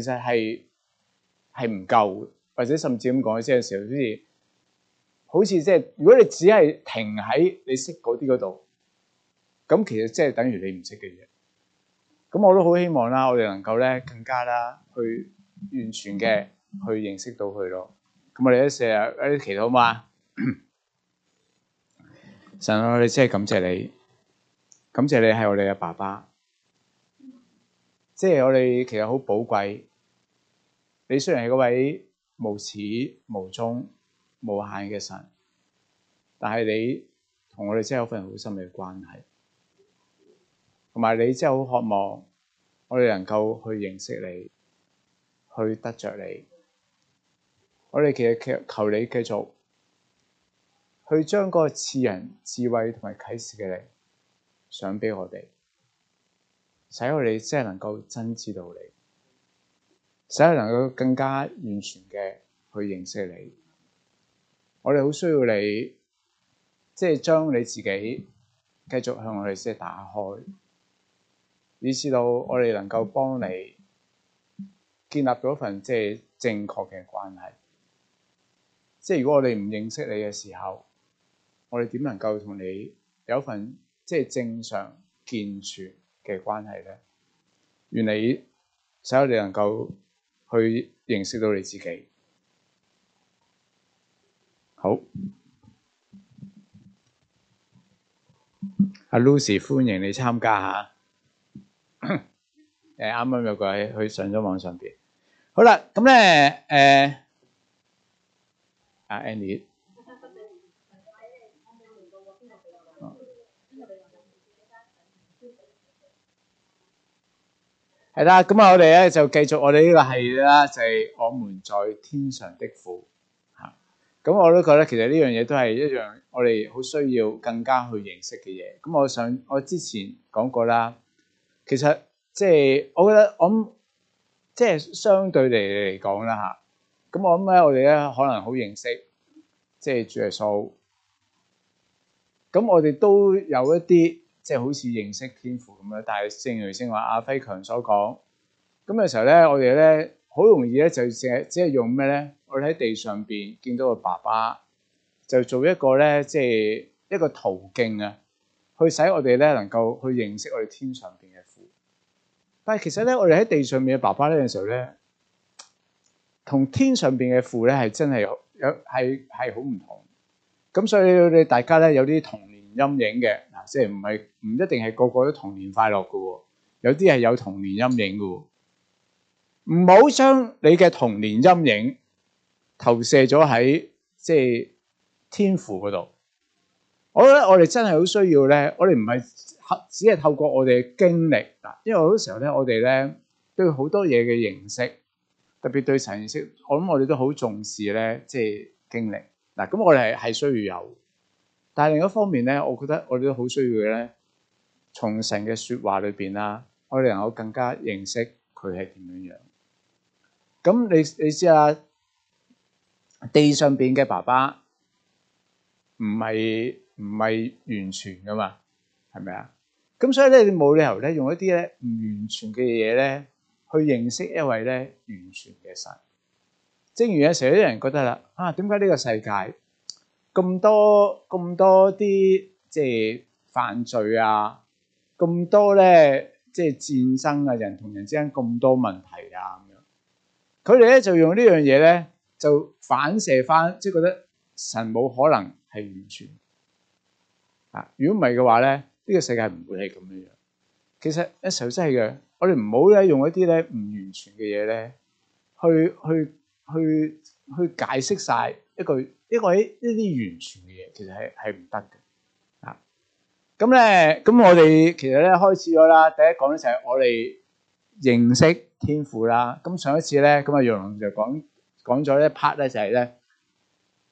其實係係唔夠，或者甚至咁講，即係有時候好似好似即係，如果你只係停喺你識嗰啲嗰度，咁其實即係等於你唔識嘅嘢。咁我都好希望啦，我哋能夠咧更加啦去完全嘅去認識到佢咯。咁我哋咧一齊祈禱好嘛？神啊，我哋真係感謝你，感謝你係我哋嘅爸爸。即係我哋其實好寶貴，你雖然係嗰位無始無終、無限嘅神，但係你同我哋真係有份好深嘅關係，同埋你真係好渴望我哋能夠去認識你、去得着你。我哋其實求你繼續去將嗰個賜人智慧同埋啟示嘅你，想俾我哋。使我哋即係能夠真知道你，使我能夠更加完全嘅去認識你。我哋好需要你，即係將你自己繼續向我哋即係打開，以至到我哋能夠幫你建立咗一份即係正確嘅關係。即係如果我哋唔認識你嘅時候，我哋點能夠同你有一份即係正常健全嘅關係咧，原來使我哋能夠去認識到你自己。好，阿 Lucy，歡迎你參加嚇。誒，啱啱有個去上咗網上邊。好啦，咁咧誒，阿 Annie。係啦，咁啊，我哋咧就繼續我哋呢個系列啦，就係我們在天上的父嚇。咁我都覺得其實呢樣嘢都係一樣，我哋好需要更加去認識嘅嘢。咁我想我之前講過啦，其實即係我覺得我諗即係相對嚟嚟講啦嚇。咁我諗咧，我哋咧可能好認識即係主耶穌。咁我哋都有一啲。即係好似認識天父咁樣，但係正如先話阿輝強所講，咁嘅時候咧，我哋咧好容易咧就淨係只係用咩咧？我哋喺地上邊見到個爸爸，就做一個咧，即係一個途徑啊，去使我哋咧能夠去認識我哋天上邊嘅父。但係其實咧，我哋喺地上邊嘅爸爸呢有時候咧，同天上邊嘅父咧係真係有係係好唔同。咁所以你大家咧有啲童年陰影嘅。即係唔係唔一定係個個都童年快樂嘅、哦，有啲係有童年陰影嘅、哦。唔好將你嘅童年陰影投射咗喺即係天父嗰度。我覺得我哋真係好需要咧，我哋唔係只係透過我哋嘅經歷嗱，因為好多時候咧，我哋咧對好多嘢嘅認識，特別對神認識，我諗我哋都好重視咧，即係經歷嗱。咁我哋係係需要有。但另一方面咧，我覺得我哋都好需要嘅。咧，從神嘅説話裏邊啦，我哋能夠更加認識佢係點樣樣。咁你你知啊，地上邊嘅爸爸唔係唔係完全噶嘛，係咪啊？咁所以咧，你冇理由咧用一啲咧唔完全嘅嘢咧去認識一位咧完全嘅神。正如有時有啲人覺得啦，啊點解呢個世界？咁多咁多啲即係犯罪啊，咁多咧即係戰爭啊，人同人之間咁多問題啊咁樣，佢哋咧就用呢樣嘢咧就反射翻，即係覺得神冇可能係完全啊！如果唔係嘅話咧，呢個世界唔會係咁樣。其實一時真係嘅，我哋唔好咧用一啲咧唔完全嘅嘢咧去去去去解釋晒。一句呢個呢呢啲完全嘅嘢，其實係係唔得嘅啊！咁咧，咁我哋其實咧開始咗啦。第一講咧就係我哋認識天父啦。咁、啊、上一次咧，咁啊楊龍就講講咗一 part 咧，就係咧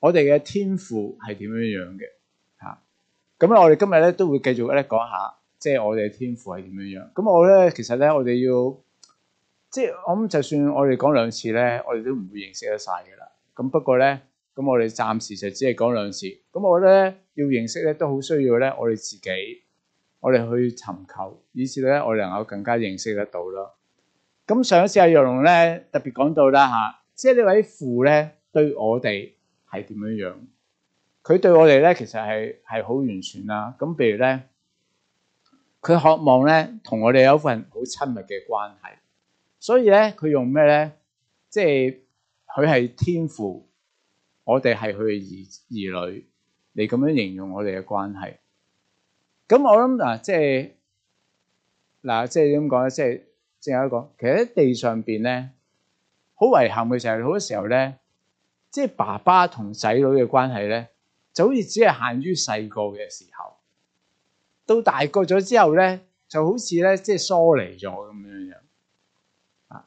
我哋嘅天父係點樣樣嘅嚇。咁、啊、我哋今日咧都會繼續咧講一下，即、就、係、是、我哋嘅天父係點樣樣。咁、啊、我咧其實咧，我哋要即係、就是、我諗，就算我哋講兩次咧，我哋都唔會認識得晒噶啦。咁不過咧～咁我哋暫時就只係講兩次。咁我覺得咧，要認識咧都好需要咧，我哋自己，我哋去尋求，以至咧我哋能夠更加認識得到咯。咁上一次阿耀龍咧特別講到啦吓、啊，即係呢位父咧對我哋係點樣樣？佢對我哋咧其實係係好完全啦。咁譬如咧，佢渴望咧同我哋有一份好親密嘅關係，所以咧佢用咩咧？即係佢係天父。我哋係佢嘅兒兒女嚟，咁樣形容我哋嘅關係，咁我諗嗱，即係嗱，即係點講咧？即係正有一個，其實喺地上邊咧，好遺憾嘅時候，好多時候咧，即係爸爸同仔女嘅關係咧，就好似只係限於細個嘅時候，到大個咗之後咧，就好似咧即係疏離咗咁樣樣。啊，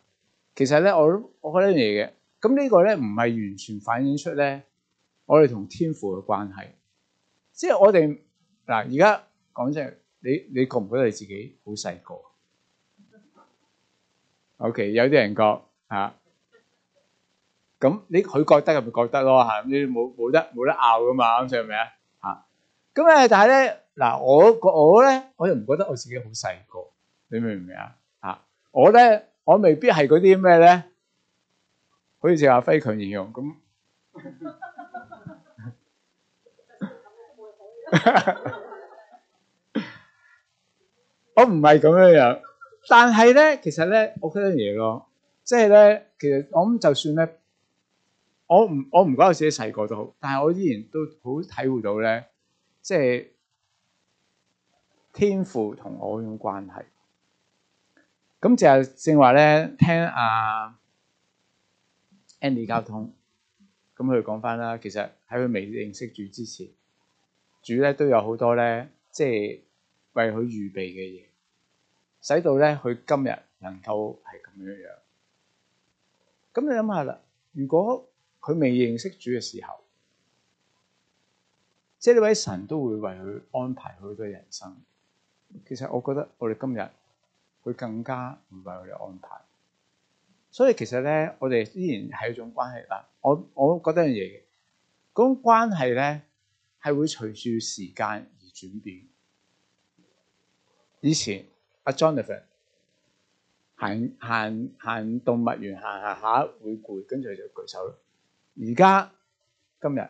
其實咧，我我覺得嘢嘅。咁呢個咧唔係完全反映出咧，我哋同天父嘅關係。即係我哋嗱，而家講真，你你覺唔覺得你自己好細個？OK，有啲人覺嚇，咁你佢覺得咪覺得咯，嚇，你冇冇得冇得拗噶嘛，啱曬係咪啊嚇。咁咧，但係咧嗱，我我咧，我又唔覺得我自己好細個，你明唔明啊？嚇，我咧，我未必係嗰啲咩咧。好似阿飛強形容咁，我唔係咁樣樣，但係咧，其實咧，我覺得嘢咯，即係咧，其實我諗就算咧，我唔我唔覺得自己細個都好，但係我依然都好體會到咧，即係天父同我種關係。咁就正話咧，聽阿 Andy 交通，咁佢講翻啦，其實喺佢未認識主之前，主咧都有好多咧，即係為佢預備嘅嘢，使到咧佢今日能夠係咁樣樣。咁你諗下啦，如果佢未認識主嘅時候，即係呢位神都會為佢安排好多人生。其實我覺得我哋今日佢更加唔為佢哋安排。所以其實咧，我哋依然係一種關係啦。我我覺得樣嘢，嗰種關係咧係呢會隨住時間而轉變。以前阿 Jonathan 行行行動物園，行一行下會攰，跟住就舉手啦。而家今日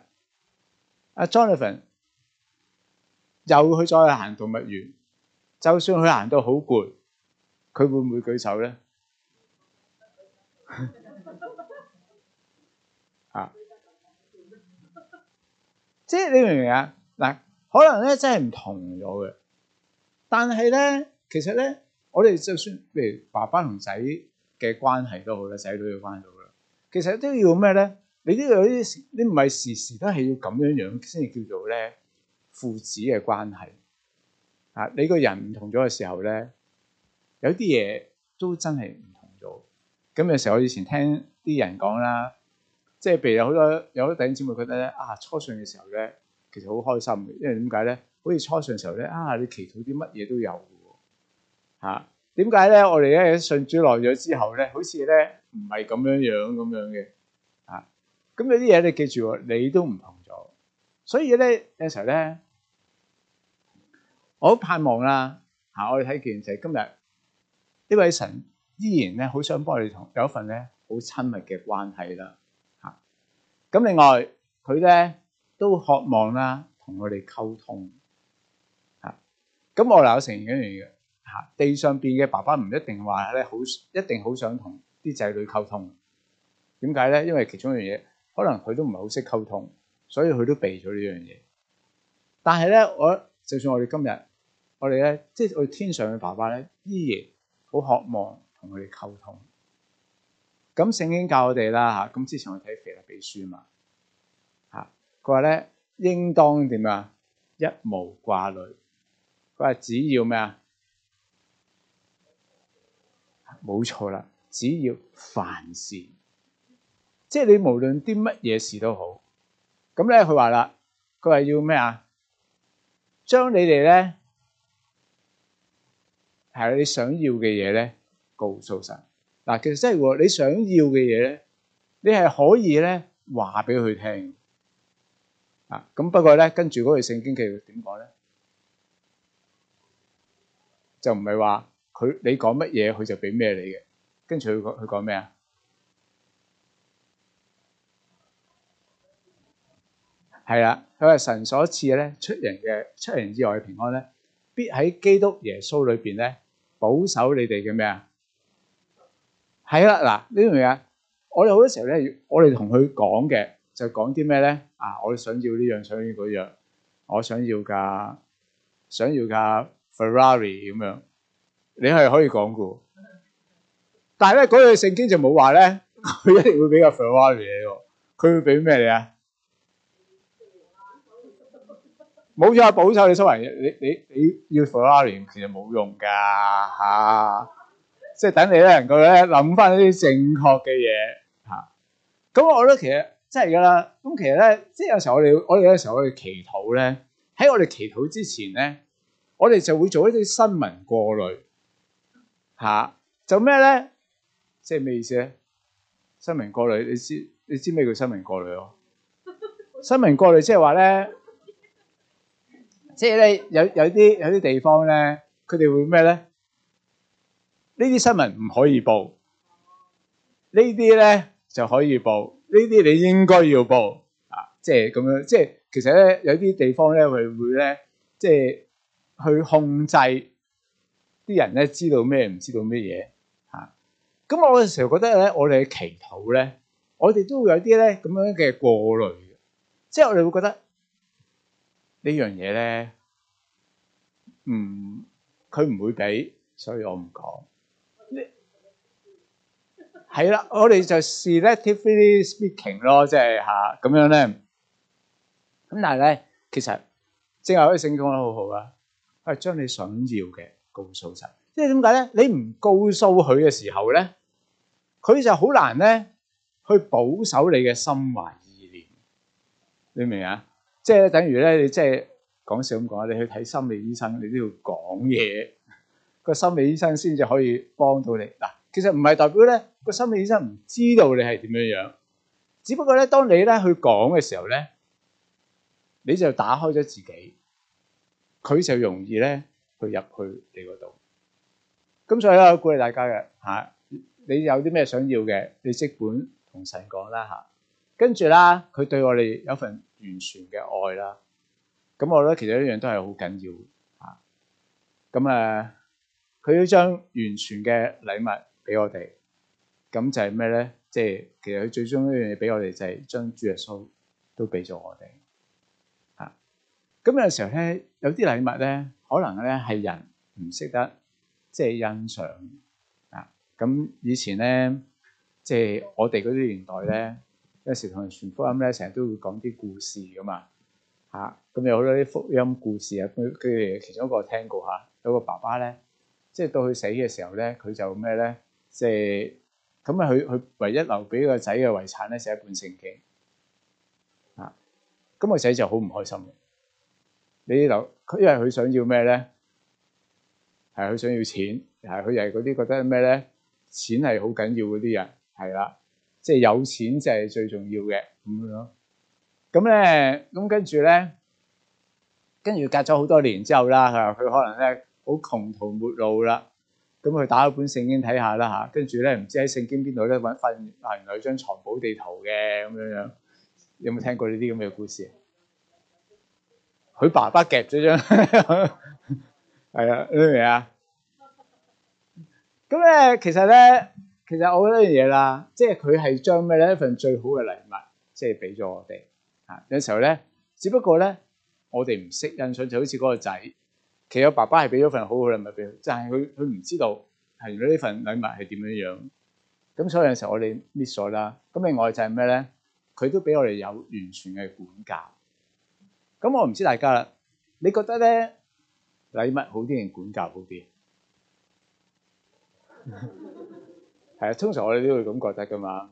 阿 Jonathan 又去咗去行動物園，就算佢行到好攰，佢會唔會舉手咧？ 啊！即係你明唔明啊？嗱，可能咧真係唔同咗嘅，但係咧，其實咧，我哋就算譬如爸爸同仔嘅關係都好咧，仔女嘅關係都好啦。其實都要咩咧？你都要有啲，你唔係時時都係要咁樣樣先至叫做咧父子嘅關係啊！你個人唔同咗嘅時候咧，有啲嘢都真係。咁有陣時我以前聽啲人講啦，即係譬如有好多有好多弟兄姊妹覺得咧啊，初信嘅時候咧其實好開心嘅，因為點解咧？好似初信嘅時候咧啊，你祈禱啲乜嘢都有嘅，吓，點解咧？我哋咧信主耐咗之後咧，好似咧唔係咁樣樣咁樣嘅，啊，咁有啲嘢你，記住你都唔同咗，所以咧有陣時咧，我好盼望啦吓，我哋睇見就係今日呢位神。依然咧，好想幫我哋同有一份咧好親密嘅關係啦，嚇、啊！咁另外佢咧都渴望啦，同我哋溝通，嚇、啊！咁我又承認一樣嘢，嚇、啊、地上邊嘅爸爸唔一定話咧好一定好想同啲仔女溝通，點解咧？因為其中一樣嘢，可能佢都唔係好識溝通，所以佢都避咗呢樣嘢。但係咧，我就算我哋今日，我哋咧即係我哋天上嘅爸爸咧，依然好渴望，同佢哋溝通，咁聖經教我哋啦嚇，咁之前我睇《腓立比書》嘛嚇，佢話咧應當點啊？一無掛慮，佢話只要咩啊？冇錯啦，只要凡事，即係你無論啲乜嘢事都好，咁咧佢話啦，佢話要咩啊？將你哋咧係你想要嘅嘢咧。告訴神，嗱其實真係喎，你想要嘅嘢咧，你係可以咧話俾佢聽啊。咁不過咧，跟住嗰句聖經佢點講咧，就唔係話佢你講乜嘢佢就俾咩你嘅。跟住佢講佢講咩啊？係啦，佢話神所賜咧出人嘅出人意外嘅平安咧，必喺基督耶穌裏邊咧保守你哋嘅咩啊？係啦，嗱呢樣嘢，我哋好多時候咧，我哋同佢講嘅就講啲咩咧？啊，我哋想要呢樣，想要嗰樣，我想要㗎，想要㗎 Ferrari 咁樣，你係可以講嘅。但係咧，嗰樣聖經就冇話咧，佢一定會俾架 Ferrari 你喎，佢會俾咩你啊？冇錯，保守你出入，你你你要 Ferrari 其實冇用㗎嚇。即係等你咧，能夠咧諗翻啲正確嘅嘢嚇。咁我覺得其實真係㗎啦。咁其實咧，即係有時候我哋，我哋有時候我哋祈禱咧。喺我哋祈禱之前咧，我哋就會做一啲新聞過濾嚇。做咩咧？即係咩意思咧？新聞過濾，你知你知咩叫新聞過濾咯？新聞過濾即係話咧，即係咧有有啲有啲地方咧，佢哋會咩咧？呢啲新聞唔可以報，呢啲咧就可以報。呢啲你應該要報啊！即係咁樣，即係其實咧有啲地方咧，佢會咧即係去控制啲人咧知道咩唔知道咩嘢嚇。咁、啊、我有時候覺得咧，我哋嘅祈禱咧，我哋都會有啲咧咁樣嘅過濾，即係我哋會覺得呢樣嘢咧，唔佢唔會俾，所以我唔講。係啦，我哋就 selectively speaking 咯，即係吓咁樣咧。咁但係咧，其實即係我啲聖徒都好好啊，佢將你想要嘅告訴晒，即係點解咧？你唔告訴佢嘅時候咧，佢就好難咧去保守你嘅心懷意念。你明唔明啊？即係等於咧，你即係講笑咁講，你去睇心理醫生，你都要講嘢，個心理醫生先至可以幫到你。嗱，其實唔係代表咧。個心理醫生唔知道你係點樣。咁就係咩咧？即係其實佢最終一樣嘢俾我哋，就係將主耶穌都俾咗我哋嚇。咁、啊、有時候咧，有啲禮物咧，可能咧係人唔識得即係欣賞啊。咁以前咧，即係我哋嗰啲年代咧，有時同人傳福音咧，成日都會講啲故事噶嘛嚇。咁、啊、有好多啲福音故事啊，佢佢哋其中一個聽過嚇，有個爸爸咧，即係到佢死嘅時候咧，佢就咩咧，即係。咁啊，佢佢唯一留俾個仔嘅遺產咧，就一本聖經啊！咁個仔就好唔開心嘅。你留佢，因為佢想要咩咧？係佢想要錢，係佢又係嗰啲覺得咩咧？錢係好緊要嗰啲人，係啦，即係有錢就係最重要嘅咁樣。咁咧，咁跟住咧，跟住隔咗好多年之後啦，佢話佢可能咧好窮途末路啦。咁佢打咗本聖經睇下啦吓，跟住咧唔知喺聖經邊度咧揾發現啊，原來有張藏寶地圖嘅咁樣樣。有冇聽過呢啲咁嘅故事？佢、嗯、爸爸夾咗張，係啊、嗯，你明唔明啊？咁咧， 其實咧，其實我覺得一樣嘢啦，即係佢係將咩咧？一份最好嘅禮物，即係俾咗我哋。啊，有時候咧，只不過咧，我哋唔識印信，就好似嗰個仔。其實爸爸係俾咗份好好嘅禮物俾佢，但係佢佢唔知道係原來呢份禮物係點樣樣。咁所以有陣時候我哋 miss 咗啦。咁另外就係咩咧？佢都俾我哋有完全嘅管教。咁我唔知大家啦，你覺得咧禮物好啲定管教好啲？係 啊，通常我哋都會咁覺得噶嘛。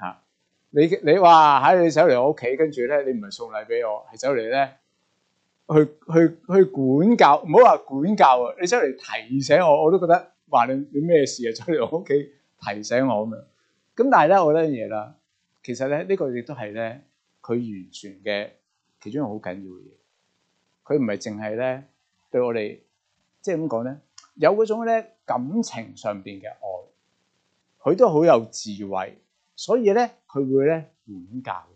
嚇你，你話，喺你走嚟我屋企，跟住咧你唔係送禮俾我，係走嚟咧。去去去管教，唔好話管教啊！你出嚟提醒我，我都覺得，話你咩事啊，出嚟我屋企提醒我咁樣。咁但係咧，我咧樣嘢啦，其實咧呢個亦都係咧佢完全嘅其中一個好緊要嘅嘢。佢唔係淨係咧對我哋，即係點講咧，有嗰種咧感情上邊嘅愛，佢都好有智慧，所以咧佢會咧管教。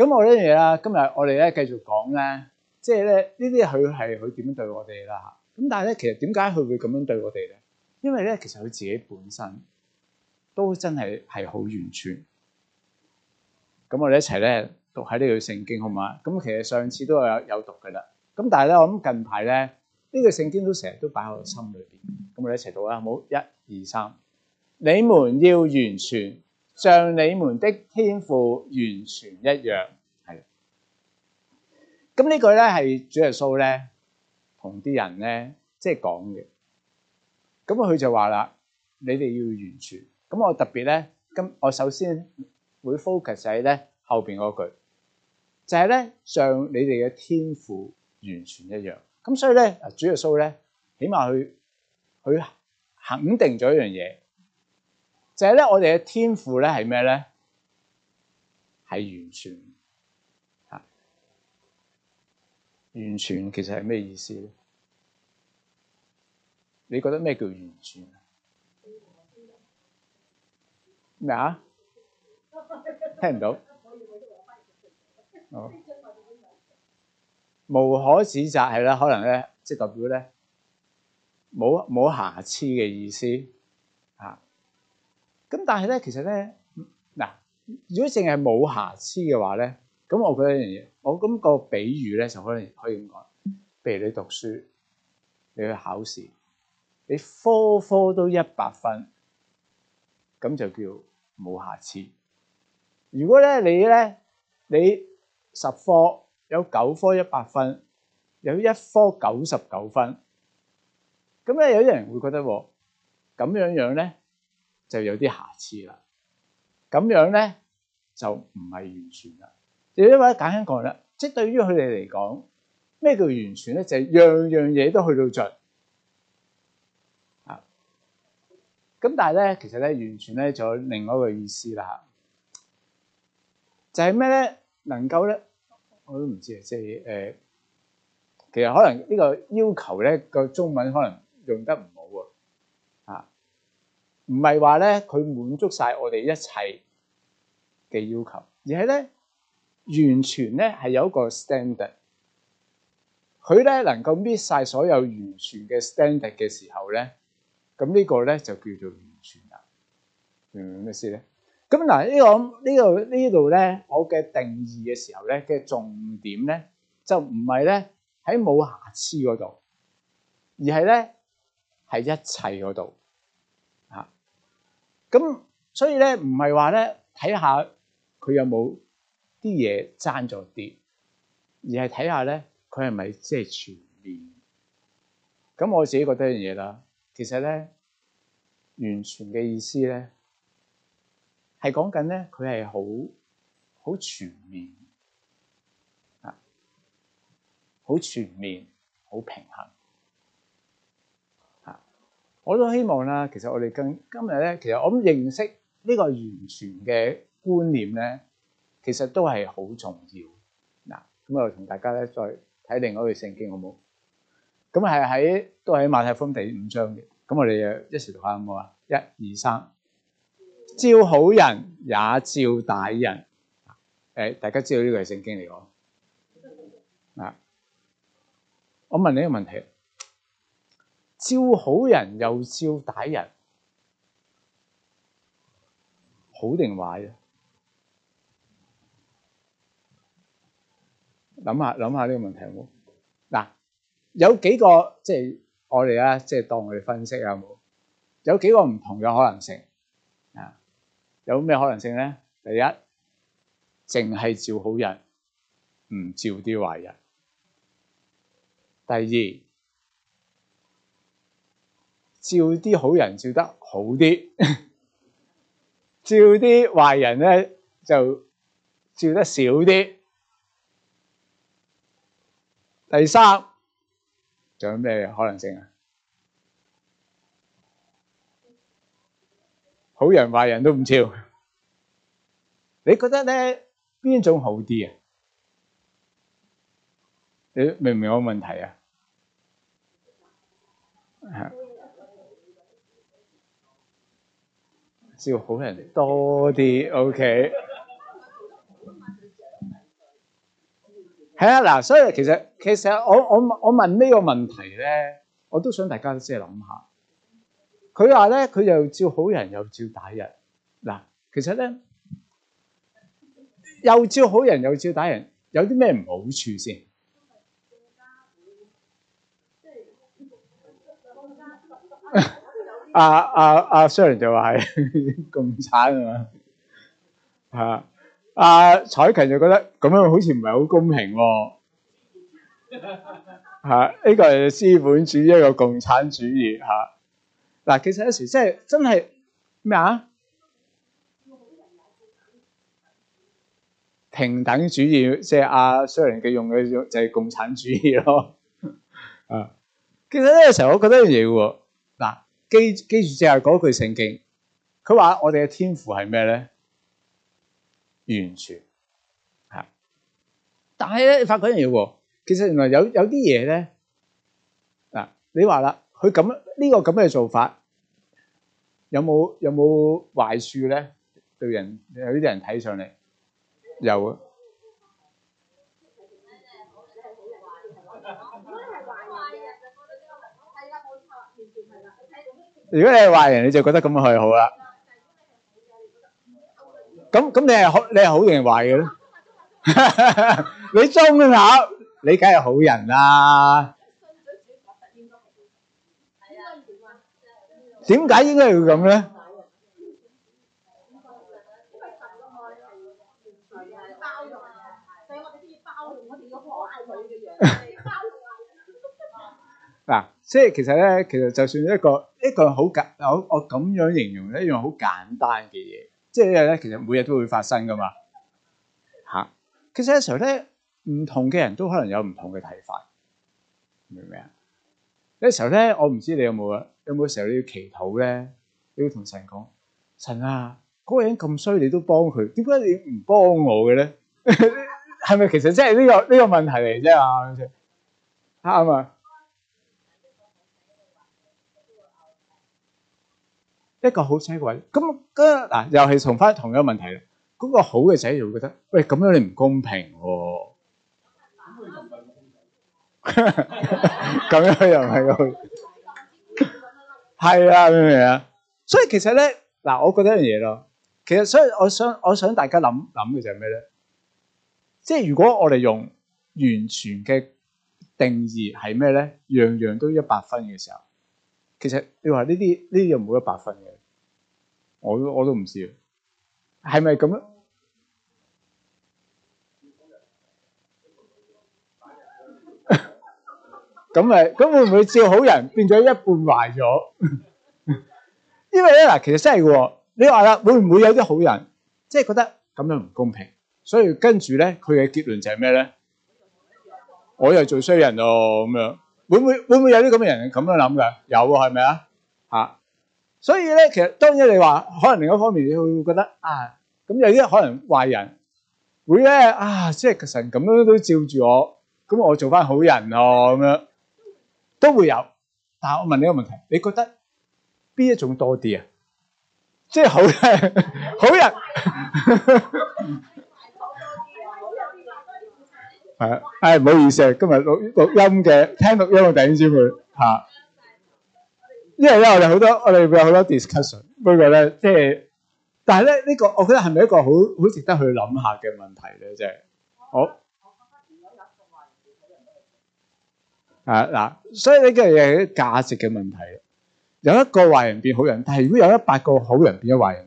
咁我呢樣嘢啦，今日我哋咧繼續講咧，即係咧呢啲佢係佢點樣對我哋啦，嚇。咁但係咧，其實點解佢會咁樣對我哋咧？因為咧，其實佢自己本身都真係係好完全。咁我哋一齊咧讀喺呢個聖經好嘛？咁其實上次都有有讀㗎啦。咁但係咧，我諗近排咧呢個聖經都成日都擺喺我心裏邊。咁我哋一齊讀啦，好，一二三，你們要完全。像你們的天父完全一樣，係啦。咁呢句呢，係主耶穌呢，同啲人呢，即係講嘅。咁佢就話啦，你哋要完全。咁我特別呢，咁我首先會 focus 就係咧，我哋嘅天父咧係咩咧？係完全，吓，完全其實係咩意思咧？你覺得咩叫完全啊？咩啊？聽唔到。哦，無可指責係啦，可能咧，即係代表咧，冇冇瑕疵嘅意思，啊。咁但係咧，其實咧，嗱，如果淨係冇瑕疵嘅話咧，咁我覺得一樣嘢，我咁個比喻咧，就可以可以咁講。譬如你讀書，你去考試，你科科都一百分，咁就叫冇瑕疵。如果咧你咧，你十科有九科一百分，有一科九十九分，咁咧有啲人會覺得喎，咁樣樣咧。就有啲瑕疵啦，咁樣咧就唔係完全啦。就因為簡單講啦，即係對於佢哋嚟講，咩叫完全咧？就係、是、樣樣嘢都去到盡啊！咁但係咧，其實咧完全咧，就另外一個意思啦吓。就係咩咧？能夠咧，我都唔知啊。即係誒、呃，其實可能呢個要求咧個中文可能用得唔。唔係話咧，佢滿足曬我哋一切嘅要求，而係咧完全咧係有一個 standard，佢咧能夠 meet 曬所有完全嘅 standard 嘅時候咧，咁呢個咧就叫做完全啦。明唔明咩事咧？咁嗱呢個呢度呢度咧，我嘅定義嘅時候咧嘅重點咧就唔係咧喺冇瑕疵嗰度，而係咧係一切嗰度。咁所以咧，唔係話咧，睇下佢有冇啲嘢，爭咗啲，而係睇下咧佢係咪即係全面。咁我自己覺得一樣嘢啦，其實咧完全嘅意思咧係講緊咧佢係好好全面啊，好全面，好平衡。我都希望啦，其實我哋今今日咧，其實我咁認識呢個完全嘅觀念咧，其實都係好重要。嗱，咁我同大家咧再睇另外一個聖經好冇？咁係喺都喺馬太福音第五章嘅。咁我哋誒一齊讀下好冇啊？一二三，照好人也照歹人。誒，大家知道呢個係聖經嚟講。嗱，我問你一個問題。照好人又照歹人，好定壞啊？諗下諗下呢個問題好。嗱，有幾個即係我哋啊，即係當我哋分析啊，有冇，有幾個唔同嘅可能性啊？有咩可能性咧？第一，淨係照好人，唔照啲壞人。第二。照啲好人照得好啲， 照啲壞人咧就照得少啲。 第三，仲有咩可能性啊？好人壞人都唔照。 你覺得咧邊種好啲啊？你明唔明我問題啊？ 照好人多啲，OK，係啊，嗱，所以其實其實我我我問呢個問題咧，我都想大家即係諗下，佢話咧佢又照好人又照打人，嗱，其實咧又照好人又照打人，有啲咩唔好處先？阿阿阿 Sharon 就話係共產啊嘛，吓，阿彩芹就覺得咁樣好似唔係好公平喎，吓，呢個係資本主義一個共產主義吓，嗱，其實有時即係真係咩啊平等主義，即係阿 Sharon 佢用嘅就係共產主義咯，啊，其實咧有時我覺得樣嘢喎。記記住就係嗰句聖經，佢話我哋嘅天父係咩咧？完全係，但係咧，你發覺一樣嘢喎，其實原來有有啲嘢咧嗱，你話啦，佢咁呢個咁嘅做法有冇有冇壞處咧？對人有啲人睇上嚟有啊。如果你係壞人，你就覺得咁樣去好啦。咁咁你係好你係好定壞嘅咧？你裝嘅啦，你梗係好人啦。點解應該要咁咧？即係其實咧，其實就算一個一個好簡我我咁樣形容一樣好簡單嘅嘢，即係咧，其實每日都會發生噶嘛嚇。啊、其實有時候咧，唔同嘅人都可能有唔同嘅睇法，明唔明啊？有時候咧，我唔知你有冇啊，有冇時候你要祈禱咧？你要同神講：神啊，嗰、嗰個人咁衰，你都幫佢，點解你唔幫我嘅咧？係 咪其實即係呢個呢、呢個問題嚟啫？啱啱啊！啊一個好車位，咁嗰嗱又係重返同樣問題啦。嗰、嗰個好嘅仔就會覺得，喂咁樣你唔公平喎。咁、啊、 樣又唔係佢，係啊，明唔、 啊、明啊？所以其實咧，嗱、啊，我覺得一樣嘢咯。其實所以我想，我想大家諗諗嘅就係咩咧？即係如果我哋用完全嘅定義係咩咧？樣樣都一百分嘅時候。其實你話呢啲呢啲又冇一百分嘅，我我都唔知，係咪咁樣？咁咪咁會唔會照好人變咗一半壞咗？ 因為咧嗱，其實真係嘅，你話啦，會唔會有啲好人即係覺得咁樣唔公平，所以跟住咧佢嘅結論就係咩咧？我又最衰人咯咁樣。會唔會，會唔會有啲咁嘅人咁樣諗嘅？有啊，係咪啊？吓，所以咧，其實當然你話，可能另一方面你會，會覺得啊，咁有啲可能壞人會咧啊，即係神咁樣都照住我，咁我做翻好人咯，啊，咁樣都會有。但係我問你一個問題，你覺得邊一種多啲啊？即係好好人。好人 係啊，唉、哎，唔好意思啊，今日錄錄音嘅，聽錄音嘅弟兄姊妹，吓，因為咧我哋好多我哋會有好多 discussion，不過咧即係，但係咧呢個我覺得係咪一個好好值得去諗下嘅問題咧？即係好啊嗱，所以呢個嘢係價值嘅問題，有一個壞人變好人，但係如果有一百個好人變咗壞人。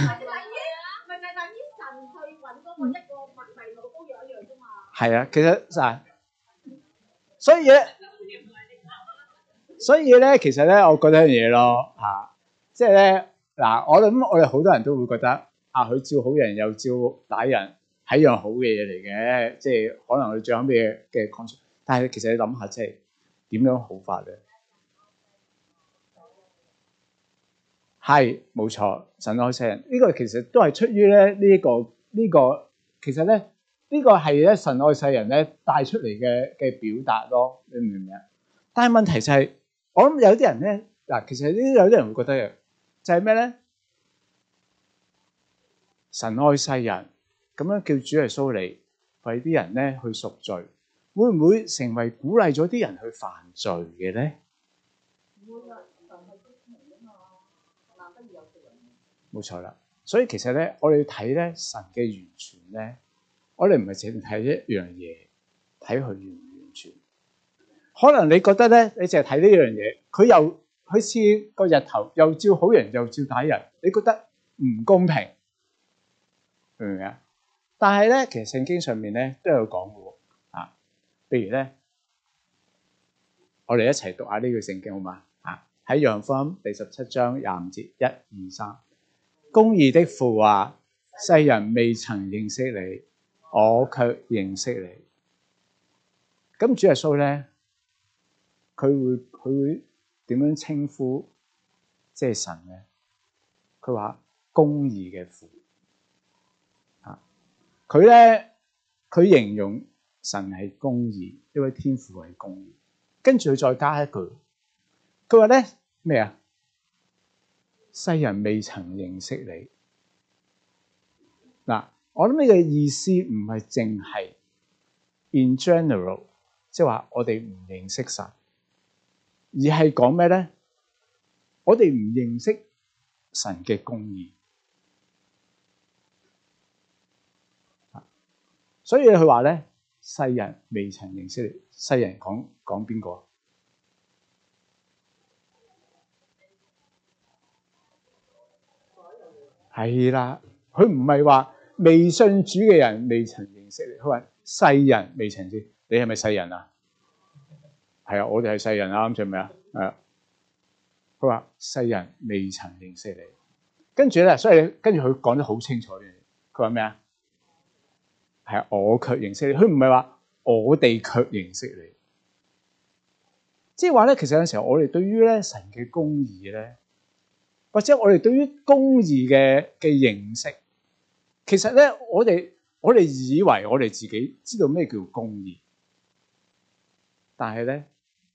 係啊，其實嗱，所以咧，嗯、所以咧，所以呢其實咧，嗯、我覺得樣嘢咯嚇，即係咧，嗱，我諗我哋好多人都會覺得啊，佢照好人又照歹人，係一樣好嘅嘢嚟嘅，即係可能佢最後嘅 concept。但係其實你諗下，即係點樣好法咧？係冇錯，神愛世人。呢、這個其實都係出於咧呢一、這個呢、這個，其實咧。呢個係咧，神愛世人咧帶出嚟嘅嘅表達咯，你明唔明啊？但係問題就係、是，我諗有啲人咧嗱，其實呢有啲人會覺得嘅就係咩咧？神愛世人咁樣叫主嚟蘇離，為啲人咧去贖罪，會唔會成為鼓勵咗啲人去犯罪嘅咧？冇、啊、錯啦，所以其實咧，我哋要睇咧，神嘅完全咧。我哋唔係淨睇一樣嘢，睇佢完唔完全。可能你覺得咧，你淨係睇呢樣嘢，佢又好似個日頭又照好人又照歹人，你覺得唔公平，明唔明啊？但係咧，其實聖經上面咧都有講過啊。譬如咧，我哋一齊讀一下呢句聖經好嘛？啊，喺《約翰福音》第十七章廿五節一二三，公義的父啊，世人未曾認識你。我卻認識你。咁，主耶穌咧，佢會佢會點樣稱呼即係神咧？佢話公義嘅父啊！佢咧佢形容神係公義，因為天父係公義。跟住佢再加一句，佢話咧咩啊？世人未曾認識你嗱。啊我諗呢個意思唔係淨係 in general，即係話我哋唔認識神，而係講咩咧？我哋唔認識神嘅公義，所以佢話咧，世人未曾認識，世人講講邊個？係啦，佢唔係話。未信主嘅人未曾認識你，佢話世人未曾知，你係咪世人啊？係啊，我哋係世人啊，啱唔啱？咩啊，佢話世人未曾認識你，跟住咧，所以跟住佢講得好清楚嘅，佢話咩啊？係我卻認識你，佢唔係話我哋卻認,認識你，即係話咧，其實有時候我哋對於咧神嘅公義咧，或者我哋對於公義嘅嘅認識。其實咧，我哋我哋以為我哋自己知道咩叫公義，但係咧，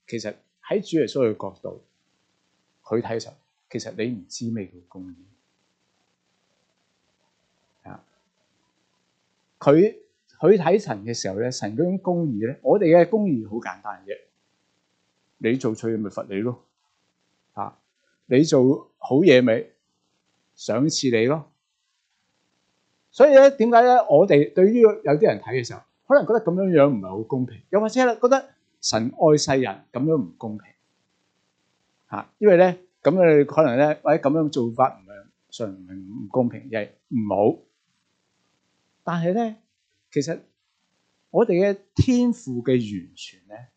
其實喺主耶穌嘅角度，佢睇神，其實你唔知咩叫公義啊。佢佢睇神嘅時候咧，神嗰種公義咧，我哋嘅公義好簡單嘅啫，你做錯嘢咪罰你咯，啊，你做好嘢咪賞賜你咯。所以咧，點解咧？我哋對於有啲人睇嘅時候，可能覺得咁樣樣唔係好公平。又或者覺得神愛世人咁樣唔公平吓，因為咧咁樣可能咧，或者咁樣做法唔係純係唔公平，即係唔好。但係咧，其實我哋嘅天父嘅完全咧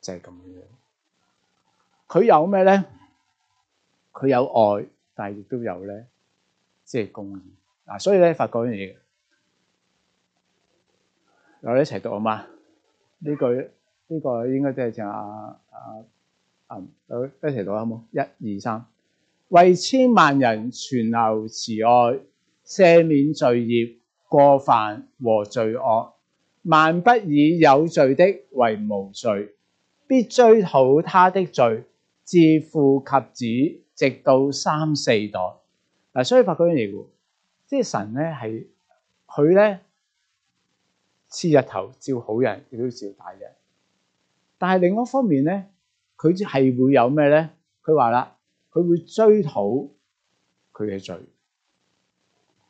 就係咁樣樣。佢有咩咧？佢有愛，但係亦都有咧，即係公義。嗱、啊，所以咧，發覺呢樣嘢，我哋一齊讀好嗎？呢句呢、呢個應該都係請阿阿阿，啊啊、一齊讀好冇？一、二、三，為千萬人存留慈愛，赦免罪孽過犯和罪惡，萬不以有罪的為無罪，必追討他的罪，自父及子，直到三四代。嗱、啊，所以發覺呢樣嘢即係神咧，係佢咧，黐日頭照好人，亦都照歹人。但係另一方面咧，佢係會有咩咧？佢話啦，佢會追討佢嘅罪，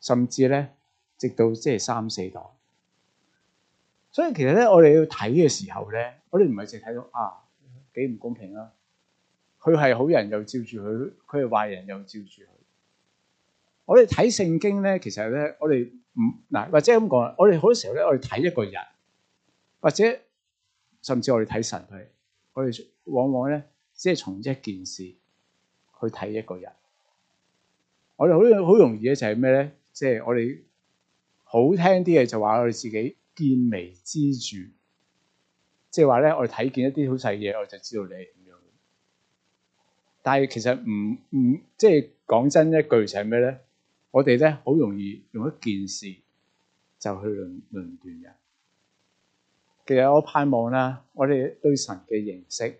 甚至咧，直到即係三四代。所以其實咧，我哋要睇嘅時候咧，我哋唔係淨係睇到啊，幾唔公平啊，佢係好人又照住佢，佢係壞人又照住佢。我哋睇聖經咧，其實咧，我哋唔嗱，或者咁講，我哋好多時候咧，我哋睇一個人，或者甚至我哋睇神佢，我哋往往咧，只係從一件事去睇一個人。我哋好好容易咧，就係咩咧？即係我哋好聽啲嘅就話我哋自己見微知著，即係話咧，我哋睇見一啲好細嘢，我就知道你係咁樣。但係其實唔唔，即係講真一句就係咩咧？我哋咧好容易用一件事就去論論斷人。其實我盼望啦，我哋對神嘅認識、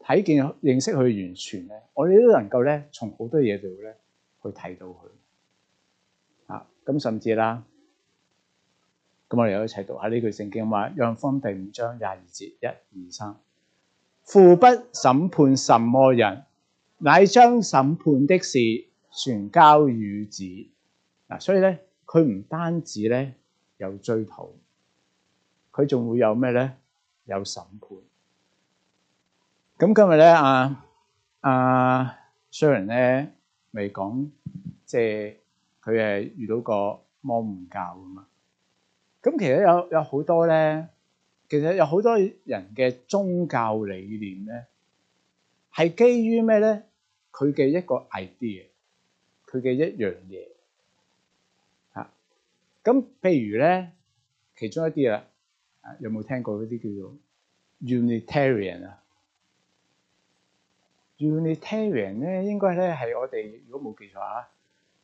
睇見、認識去完全咧，我哋都能夠咧從好多嘢度咧去睇到佢。啊，咁甚至啦，咁我哋又一齊讀下呢句聖經話：《約翰福音》第五章廿二節一二三，父不審判什麼人，乃將審判的事。全交與子，所以呢，佢唔單止呢，有追求。佢仲會有咩呢？有審判。咁，今日呢，呃，呃，雖然呢未講，即係佢係遇到個魔誤教㗎嘛。咁其實有有好多呢，其實有好多人嘅宗教理念呢，係基於咩呢？佢嘅一個 idea。佢嘅一樣嘢嚇，咁譬如咧，其中一啲啦，啊，有冇聽過嗰啲叫做 Unitarian 啊？Unitarian 咧，應該咧係我哋如果冇記錯嚇，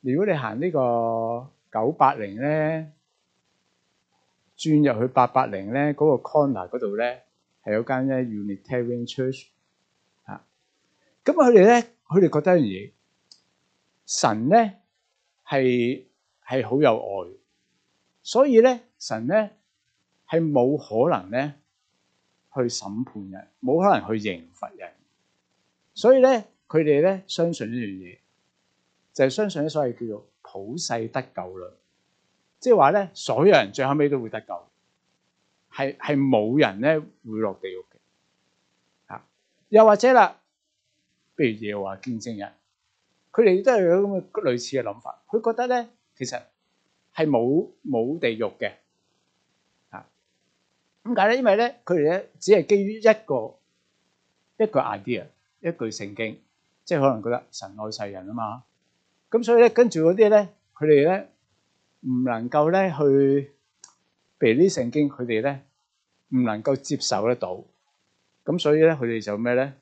如果你行呢個九八零咧，轉入去八八零咧嗰個 corner 嗰度咧，係有間咧 Unitarian Church 嚇。咁佢哋咧，佢哋覺得一樣嘢。神呢係係好有愛，所以呢神呢係冇可能呢去審判人，冇可能去刑罰人，所以呢佢哋呢相信呢樣嘢，就係、是、相信所謂叫做普世得救論，即係話呢所有人最後尾都會得救，係係冇人呢會落地獄嘅，啊，又或者啦，譬如耶和華見證人。佢哋都係有咁嘅類似嘅諗法，佢覺得咧其實係冇冇地獄嘅，嚇？點解咧？因為咧，佢哋咧只係基於一個一個 idea，一句聖經，即係可能覺得神愛世人啊嘛。咁所以咧，跟住嗰啲咧，佢哋咧唔能夠咧去，譬如啲聖經，佢哋咧唔能夠接受得到。咁所以咧，佢哋就咩咧？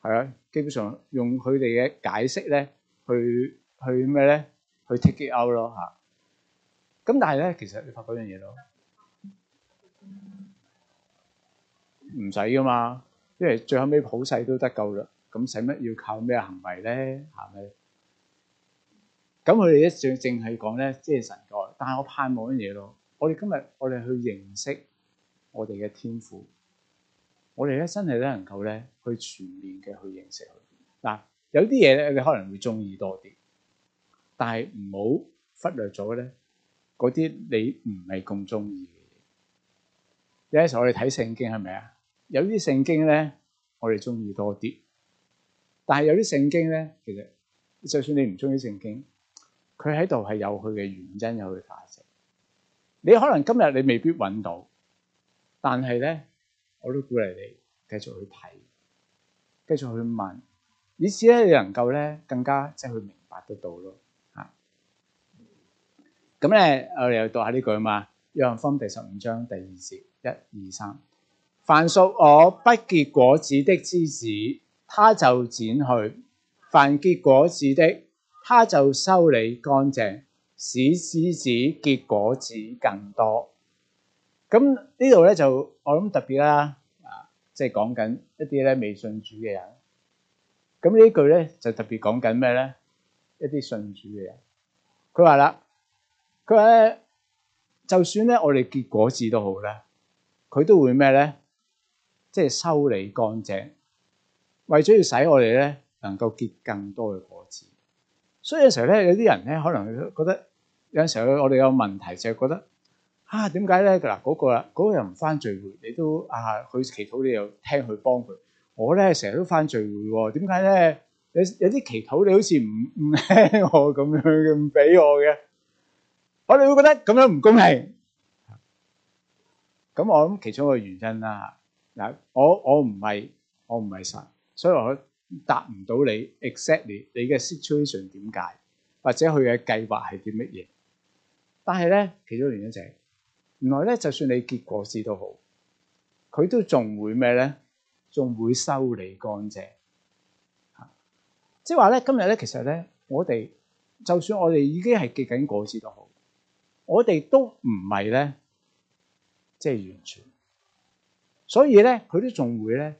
係啊，基本上用佢哋嘅解釋咧，去去咩咧，去 take it out 咯嚇。咁但係咧，其實你發嗰樣嘢咯，唔使噶嘛，因為最後尾普世都得夠啦。咁使乜要靠咩行為咧？係咪？咁佢哋一直淨係講咧，即係神愛。但係我盼望啲嘢咯，我哋今日我哋去認識我哋嘅天父。我哋咧真係都能夠咧去全面嘅去認識佢。嗱，有啲嘢咧，你可能會中意多啲，但係唔好忽略咗咧嗰啲你唔係咁中意嘅嘢。有啲時候我哋睇聖經係咪啊？有啲聖經咧我哋中意多啲，但係有啲聖經咧其實就算你唔中意聖經，佢喺度係有佢嘅原因，有佢嘅價值。你可能今日你未必揾到，但係咧。我都鼓勵你繼續去睇，繼續去問，以此咧你能夠咧更加即係去明白得到咯吓。咁咧、嗯嗯、我哋又讀下呢句啊嘛，《約翰福音》第十五章第二節，一二三。凡屬我不結果子的枝子，他就剪去；凡結果子的，他就修理乾淨，使枝子結果子更多。咁呢度咧就我諗特別啦，啊，即係講緊一啲咧未信主嘅人。咁呢句咧就特別講緊咩咧？一啲信主嘅人，佢話啦，佢話咧，就算咧我哋結果子都好啦，佢都會咩咧？即係修理乾淨，為咗要使我哋咧能夠結更多嘅果子。所以有時候咧有啲人咧可能覺得，有陣時我哋有問題就係覺得。啊，點解咧？嗱，嗰個啦，嗰個又唔翻聚會，你都啊佢祈禱，你又聽佢幫佢。我咧成日都翻聚會，點解咧？有有啲祈禱你好似唔唔聽我咁樣嘅，唔俾我嘅，我哋會覺得咁樣唔公平。咁我諗其中一個原因啦。嗱，我我唔係我唔係神，所以我答唔到你 exactly 你嘅 situation 點解，或者佢嘅計劃係點乜嘢。但係咧，其中原因就係。原來咧，就算你結果子都好，佢都仲會咩咧？仲會修理乾淨。啊、即係話咧，今日咧，其實咧，我哋就算我哋已經係結緊果子都好，我哋都唔係咧，即係完全。所以咧，佢都仲會咧，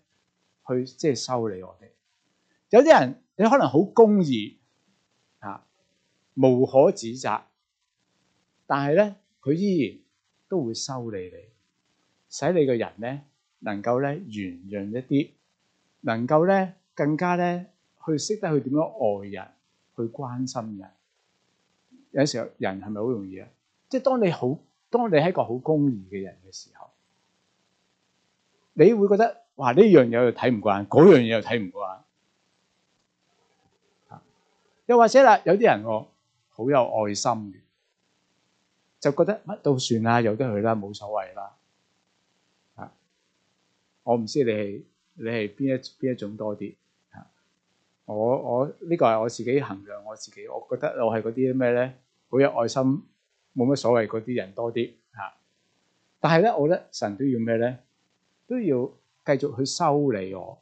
去即係修理我哋。有啲人你可能好公義，啊，無可指責，但係咧，佢依然。都會修理你，使你個人呢能夠呢圓潤一啲，能夠呢更加呢去識得去點樣愛人，去關心人。有啲時候人係咪好容易呀？即係當你好，當你係一個好公義嘅人嘅時候，你會覺得，嘩，呢樣嘢又睇唔慣，嗰樣嘢又睇唔慣。又或者啦，有啲人我好有愛心嘅。就覺得乜都算啦，由得佢啦，冇所謂啦。啊，我唔知你係你係邊一邊一種多啲？啊，我我呢個係我自己衡量我自己，我覺得我係嗰啲咩咧，好有愛心，冇乜所謂嗰啲人多啲。啊，但係咧，我咧神都要咩咧，都要繼續去修理我，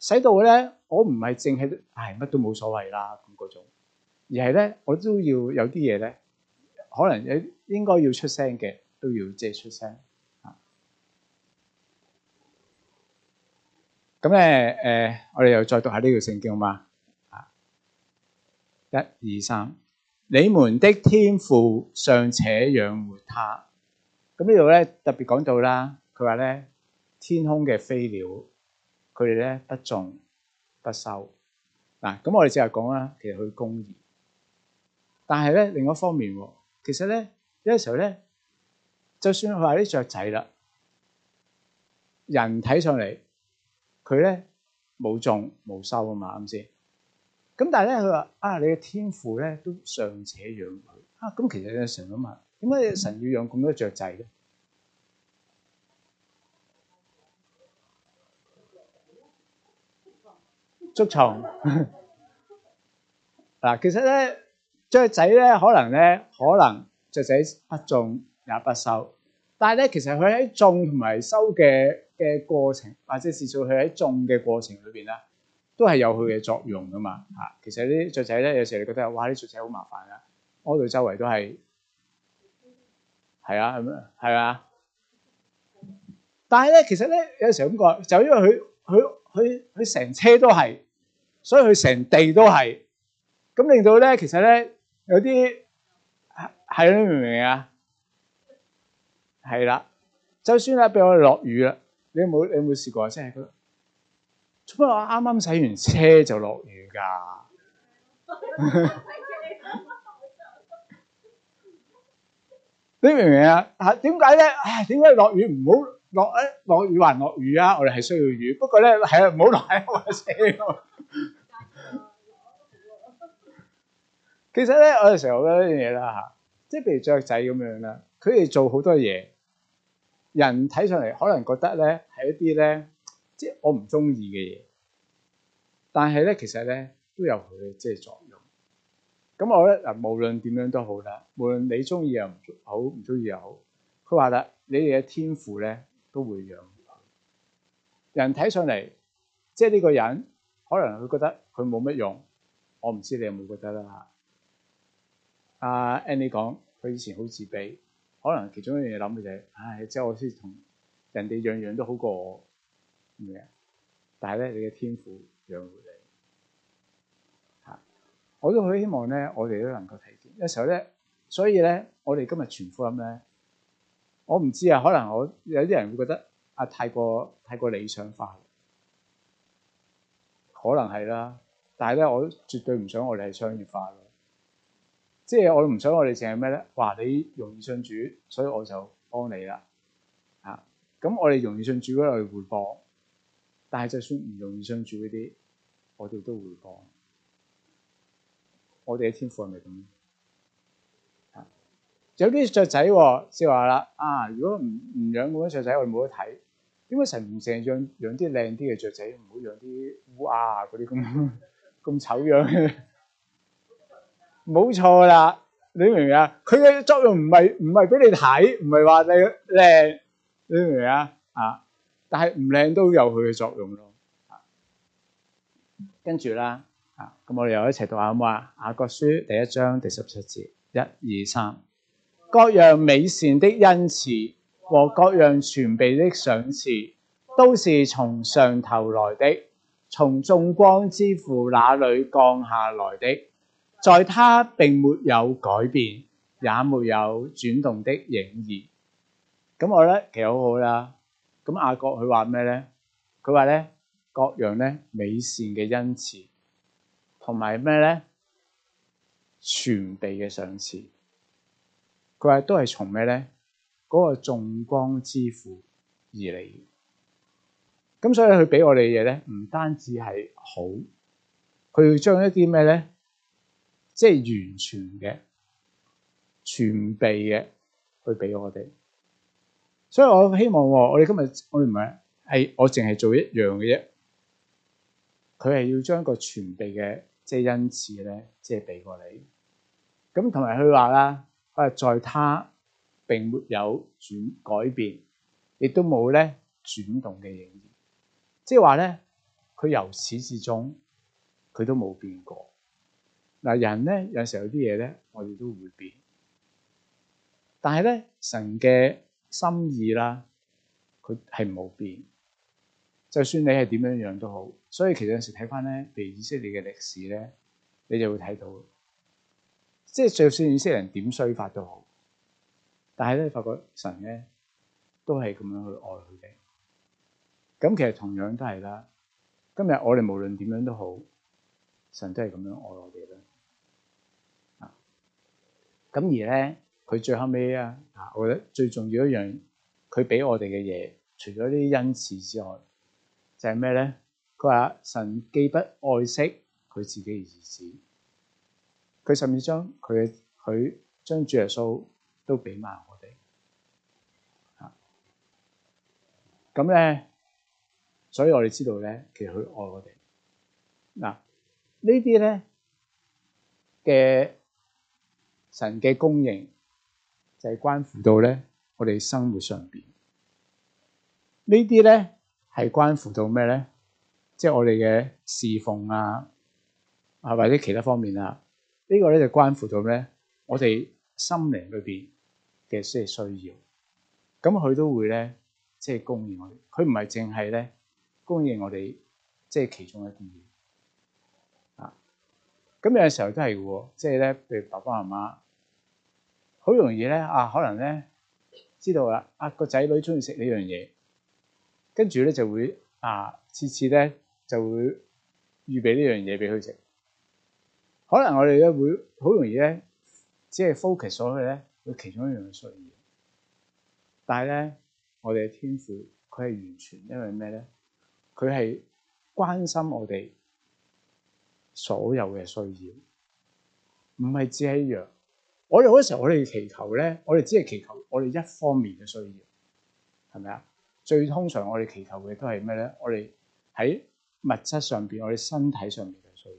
使到咧我唔係淨係唉乜都冇所謂啦咁嗰種，而係咧我都要有啲嘢咧。可能你應該要出聲嘅，都要即係出聲啊！咁咧，誒，我哋又再讀下呢條聖經好嘛？啊，一二三，你們的天父尚且養活他，咁呢度咧特別講到啦，佢話咧天空嘅飛鳥，佢哋咧不種不收嗱，咁我哋只係講啦，其實佢公義，但係咧另一方面喎。其實咧，有陣時候咧，就算佢話啲雀仔啦，人睇上嚟佢咧冇種冇收啊嘛，啱先。咁但係咧，佢話啊，你嘅天父咧都尚且養佢。咁其實有陣時諗下，點解神要養咁多雀仔咧？捉蟲嗱，其實咧。雀仔咧，可能咧，可能雀仔不種也不收，但係咧，其實佢喺種同埋收嘅嘅過程，或者至少佢喺種嘅過程裏邊咧，都係有佢嘅作用噶嘛嚇。其實啲雀仔咧，有時候你覺得啊，哇！啲雀仔好麻煩啊，屙到周圍都係，係啊，係咩？係啊，但係咧，其實咧，有時候咁講，就因為佢佢佢佢成車都係，所以佢成地都係，咁令到咧，其實咧。有啲係，你明唔明啊？係啦，就算啦，俾我哋我落雨啦，你有冇你有冇試過啊？真係，做乜我啱啱洗完車就落雨㗎？你明唔明啊？嚇點解咧？唉，點解落雨唔好落？唉，落雨還落雨啊！我哋係需要雨，不過咧係唔好落啊！我話你知。其實咧，我哋成日覺得呢樣嘢啦吓，即係譬如雀仔咁樣啦，佢哋做好多嘢，人睇上嚟，可能覺得咧係一啲咧，即係我唔中意嘅嘢，但係咧其實咧都有佢嘅即係作用。咁我咧嗱，無論點樣都好啦，無論你中意又好，唔中意又好，佢話啦，你哋嘅天賦咧都會養人睇上嚟，即係呢個人可能佢覺得佢冇乜用，我唔知你有冇覺得啦吓。阿 Andy 講，佢、uh, 以前好自卑，可能其中一樣嘢諗嘅就係、是，唉，即、就、係、是、我先同人哋樣樣都好過我，咁樣。但係咧，你嘅天賦養活你，嚇！我都好希望咧，我哋都能夠提升。有時候咧，所以咧，我哋今日傳福音咧，我唔知啊，可能我有啲人會覺得啊，太過太過理想化，可能係啦。但係咧，我絕對唔想我哋係商業化。即係我唔想我哋淨係咩咧？哇！你容易信主，所以我就幫你啦。嚇、啊！咁我哋容易信主嗰類回報，但係就算唔容易信主嗰啲，我哋都回報。我哋嘅天父係咪咁？有啲雀仔先話啦，啊！如果唔唔養嗰啲雀仔，我哋冇得睇。點解成成養養啲靚啲嘅雀仔，唔好養啲烏鴉啊嗰啲咁咁醜樣嘅？冇錯啦，你明唔明啊？佢嘅作用唔係唔係俾你睇，唔係話你靚，你明唔明啊？啊，但係唔靚都有佢嘅作用咯。啊，跟住啦，啊，啊，咁我哋又一齊讀下《咁，啊，雅各書》第一章第十七節，一二三，各樣美善的恩賜和各樣全備的賞賜，都是從上頭來的，從眾光之父那裡降下來的。在他並沒有改變，也沒有轉動的影兒。咁我咧幾好好啦。咁阿國佢話咩咧？佢話咧各樣咧美善嘅恩賜，同埋咩咧全備嘅賞賜。佢話都係從咩咧嗰個眾光之父而嚟。咁所以佢俾我哋嘢咧，唔單止係好，佢將一啲咩咧？即係完全嘅全備嘅，去俾我哋。所以我希望、哦、我哋今日我哋唔係係我淨係做一樣嘅啫。佢係要將個全備嘅即係恩賜咧，即係俾過你。咁同埋佢話啦，佢話在他並沒有轉改變，亦都冇咧轉動嘅影。即係話咧，佢由始至終佢都冇變過。嗱，人咧有時候啲嘢咧，我哋都會變。但係咧，神嘅心意啦，佢係冇變。就算你係點樣樣都好，所以其實有時睇返咧，譬如以色列嘅歷史咧，你就會睇到，即係就算以色列人點衰法都好，但係咧，發覺神咧都係咁樣去愛佢哋。咁其實同樣都係啦。今日我哋無論點樣都好，神都係咁樣愛我哋啦。咁而咧，佢最後尾啊，我覺得最重要一樣，佢俾我哋嘅嘢，除咗啲恩賜之外，就係咩咧？佢話神既不愛惜佢自己兒子，佢甚至將佢嘅佢將主耶穌都俾埋我哋。嚇、啊！咁咧，所以我哋知道咧，其實佢愛我哋。嗱、啊，呢啲咧嘅。神嘅供應就係關乎到咧，我哋生活上邊呢啲咧係關乎到咩咧？即係我哋嘅侍奉啊，啊或者其他方面啊，呢個咧就關乎到咩？我哋心靈裏邊嘅些需要，咁佢都會咧即係供應我哋。佢唔係淨係咧供應我哋即係其中一啲嘢啊。咁有嘅時候都係喎，即係咧，譬如爸爸媽媽，好容易咧啊，可能咧知道啦啊，個仔女中意食呢樣嘢，跟住咧就會啊，次次咧就會預備呢樣嘢俾佢食。可能我哋咧會好容易咧，只係 focus 咗去咧佢其中一樣嘅需要，但係咧我哋嘅天父佢係完全因為咩咧？佢係關心我哋所有嘅需要，唔係只係一樣。我哋嗰時候我，我哋祈求咧，我哋只係祈求我哋一方面嘅需要，係咪啊？最通常我哋祈求嘅都係咩咧？我哋喺物質上面，我哋身體上面嘅需要，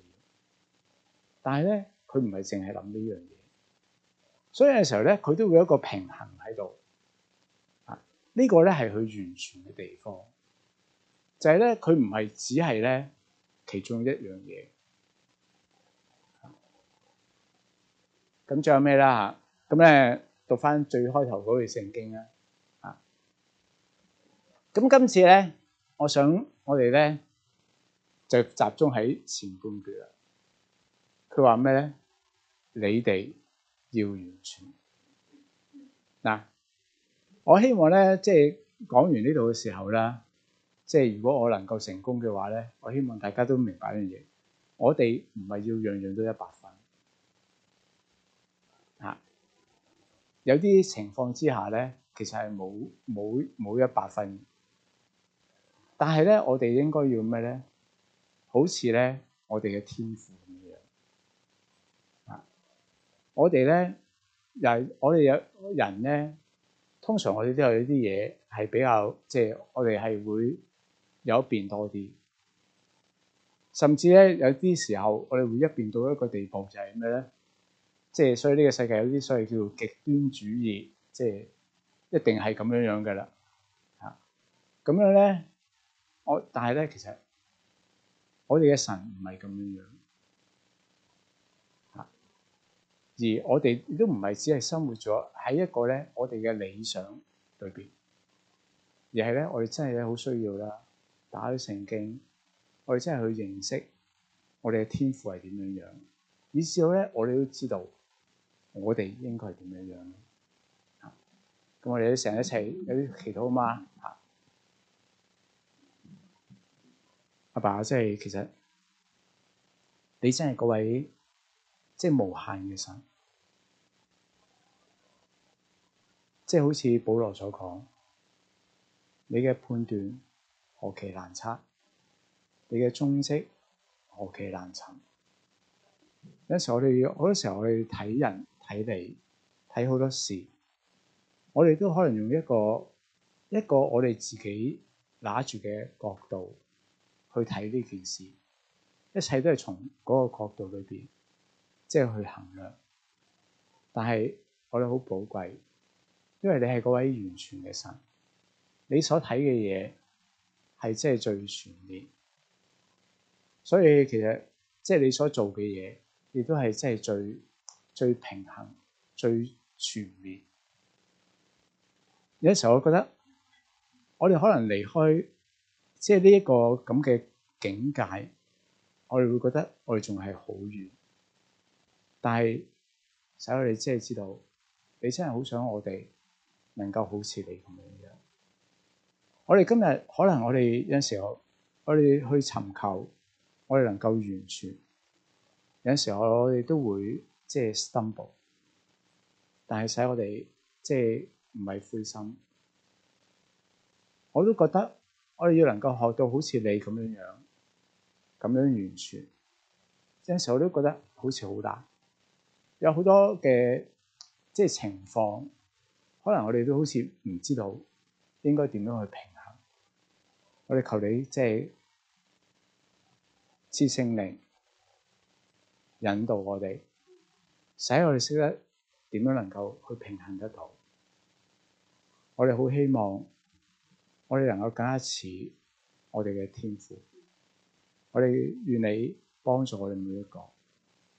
但係咧，佢唔係淨係諗呢樣嘢，所以有時候咧，佢都會有一個平衡喺度。啊，呢個咧係佢完全嘅地方，就係咧，佢唔係只係咧其中一樣嘢。咁仲有咩啦？嚇！咁咧，讀翻最開頭嗰句聖經啦。啊！咁今次咧，我想我哋咧就集中喺前半段啦。佢話咩咧？你哋要完全嗱，我希望咧，即係講完呢度嘅時候啦，即係如果我能夠成功嘅話咧，我希望大家都明白一樣嘢，我哋唔係要樣樣都一百分。有啲情況之下咧，其實係冇冇冇一百分。但係咧，我哋應該要咩咧？好似咧，我哋嘅天父咁樣。啊，我哋咧，又係我哋有人咧，通常我哋都有啲嘢係比較，即係我哋係會有一變多啲。甚至咧，有啲時候我哋會一變到一個地步，就係咩咧？即係所以呢個世界有啲所謂叫做極端主義，即係一定係咁樣樣嘅啦。嚇，咁樣咧，我但係咧，其實我哋嘅神唔係咁樣樣。嚇，而我哋亦都唔係只係生活咗喺一個咧，我哋嘅理想裏邊，而係咧，我哋真係咧好需要啦，打開聖經，我哋真係去認識我哋嘅天父係點樣樣，以至到咧，我哋都知道。我哋應該係點樣樣？咁、嗯、我哋成日一齊有啲祈禱嘛，阿、嗯嗯嗯、爸即係其實你真係嗰位即係無限嘅神，即係好似保羅所講，你嘅判斷何其難測，你嘅蹤跡何其難尋。有時我哋好多時候我哋睇人。睇嚟睇好多事，我哋都可能用一個一個我哋自己拿住嘅角度去睇呢件事，一切都係從嗰個角度裏邊即係去衡量。但係我哋好寶貴，因為你係嗰位完全嘅神，你所睇嘅嘢係即係最全面，所以其實即係你所做嘅嘢亦都係即係最。最平衡、最全面。有陣時候，我覺得我哋可能離開，即係呢一個咁嘅境界，我哋會覺得我哋仲係好遠。但係，使到你真係知道，你真係好想我哋能夠好似你咁樣。我哋今日可能我哋有陣時候，我哋去尋求，我哋能夠完全。有陣時候，我哋都會。即係 stumble，但係使我哋即係唔係灰心。我都覺得我哋要能夠學到好似你咁樣樣，咁樣完全。有陣時我都覺得好似好難，有好多嘅即係情況，可能我哋都好似唔知道應該點樣去平衡。我哋求你即係知聖靈引導我哋。使我哋識得點樣能夠去平衡得到，我哋好希望我哋能夠更加似我哋嘅天父，我哋願你幫助我哋每一個，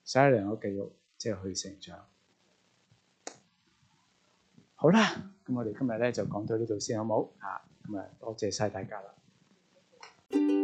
使佢能夠繼續即係去成長。好啦，咁我哋今日咧就講到呢度先，好唔好吓？咁啊，多謝晒大家啦～